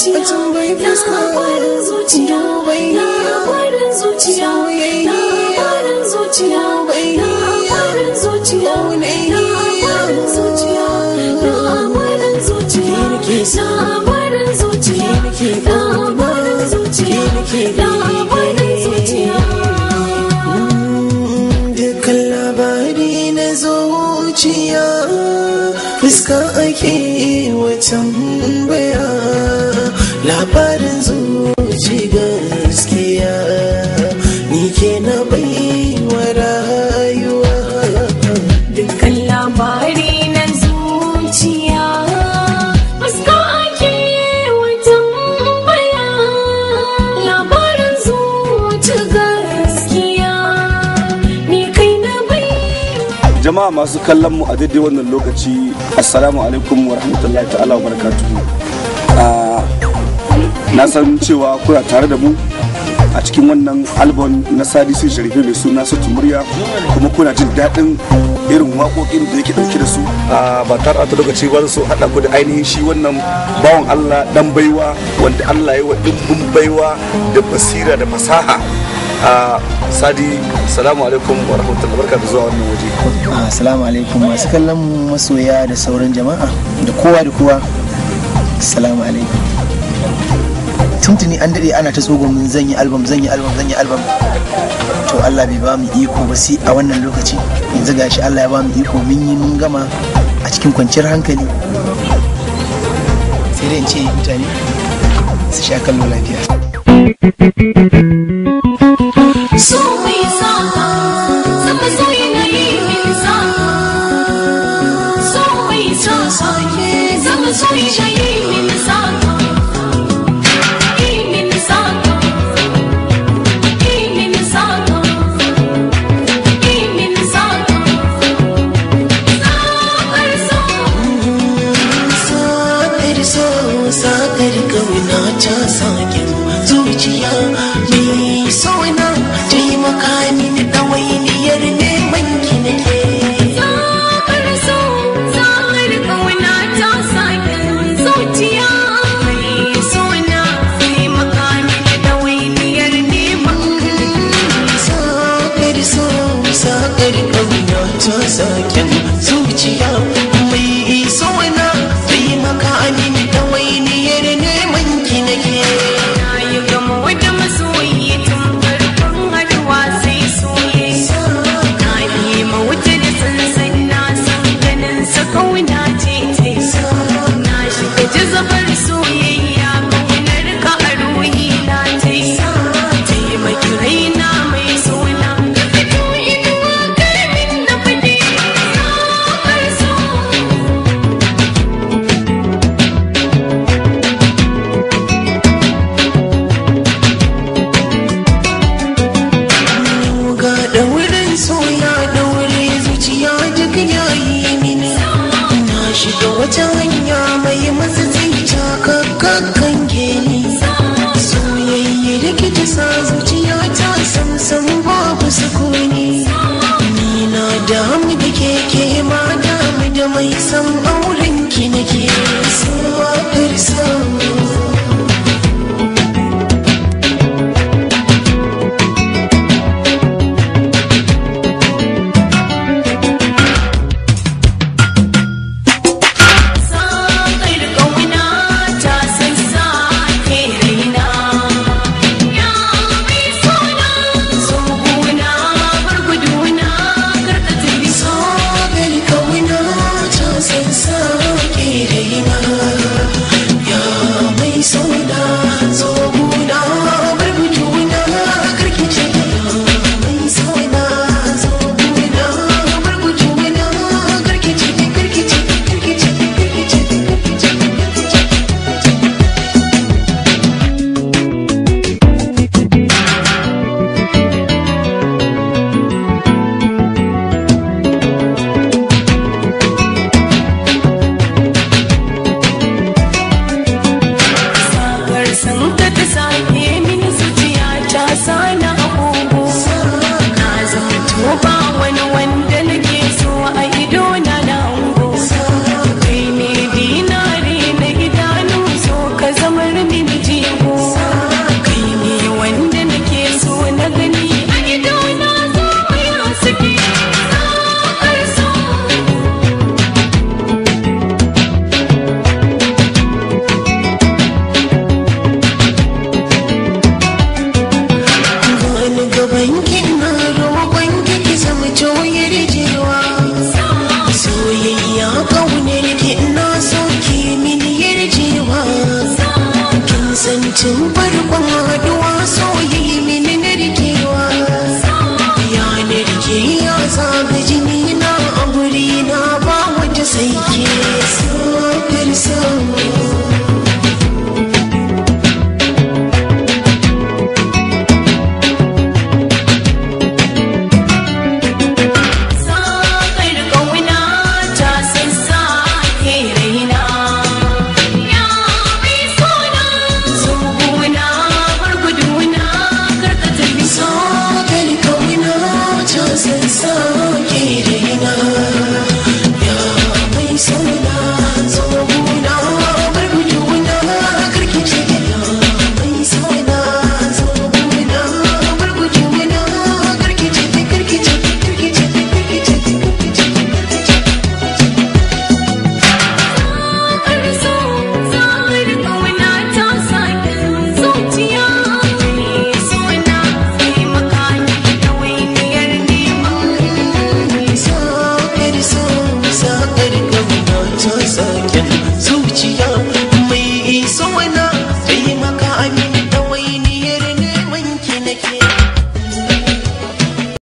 zuciya na barin zuciya na barin zuciya na barin zuciya na barin labarin zuci gaskiya ni ke na baiwa rayuwa dukkan labari na zuciya fuska ake wajen baya labarin zuci gaskiya ni kai na baiwa jama'a masu kallon mu a daidai wannan lokaci assalamu alaikum wa rahmatullahi ta'ala wa barakatuhu ah, na san cewa kuna tare da mu a cikin wannan albon na sadisi sharife mai suna sutu murya kuma kuna jin daɗin irin waƙoƙin da yake ɗauke da su ba batar a lokaci ba su haɗa ku da ainihin shi wannan bawan allah dan baiwa wanda allah ya wa ɗimbin baiwa da basira da fasaha a sadi salamu alaikum wa rahmatullahi barka da zuwa wannan waje salamu alaikum masu kallon masoya da sauran jama'a da kowa da kowa salamu alaikum tuntuni an dade ana ta tsogon min zan album zan album zan album to Allah bai ba mu iko ba sai a wannan lokaci yanzu gashi Allah ya ba mu iko mun yi mun gama a cikin kwanciyar hankali sai dai in ce mutane su sha kallo lafiya manya mai masu zica kakkakan geni soyayye da kici sa zuciya ta samsam babu sukuni ni na damu da keke ma damu da mai san auren ki nake so to